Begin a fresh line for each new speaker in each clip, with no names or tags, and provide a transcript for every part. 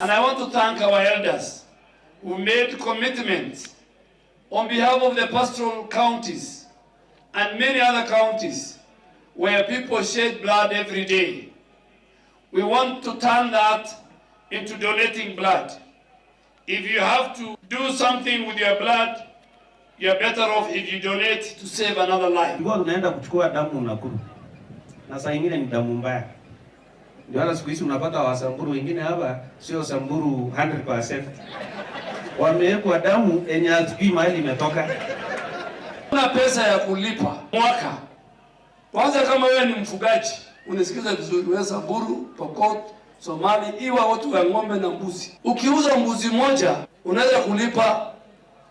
And I want to thank our elders who made commitments on behalf of the pastoral counties and many other counties where people shed blood every day. We want to turn that into donating blood. If you have to do something with your blood, you are better off if you donate to save another life.
Unaenda kuchukua damu unakuru. Na saa ingine ni damu mbaya. Ndio hata siku hizi unapata wasamburu wengine hapa sio samburu 100%. Wamewekwa damu yenye hatujui mahali imetoka.
una pesa ya kulipa mwaka. Kwanza kama wewe ni mfugaji, unesikiza vizuri, wewe Samburu, Pokot, Somali, iwa watu wa ng'ombe na mbuzi. Ukiuza mbuzi moja, unaweza kulipa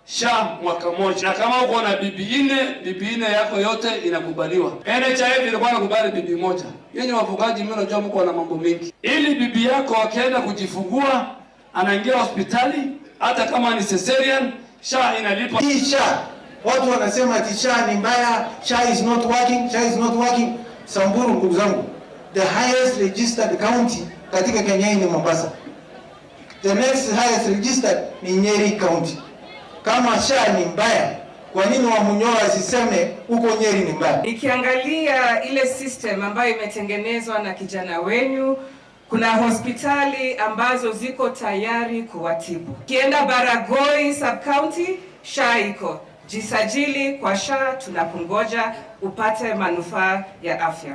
Sham mwaka moja, na kama uko na bibi nne, bibi nne yako yote inakubaliwa. NHIF ilikuwa inakubali bibi moja. Yenye wafugaji, mimi najua mko na mambo mengi, ili bibi yako akienda kujifungua, anaingia hospitali, hata kama ni cesarean, sha inalipa.
Hii sha watu wanasema ati sha ni mbaya, sha is not working, sha is not working. Samburu, ndugu zangu, the highest registered county katika Kenya ni Mombasa, the next highest registered ni Nyeri county. Kama shaa ni mbaya, kwa nini Wamunyola asiseme huko Nyeri ni mbaya?
ikiangalia ile system ambayo imetengenezwa na kijana wenyu, kuna hospitali ambazo ziko tayari kuwatibu. Kienda Baragoi sub county, SHA iko jisajili kwa sha tunakungoja upate manufaa ya afya.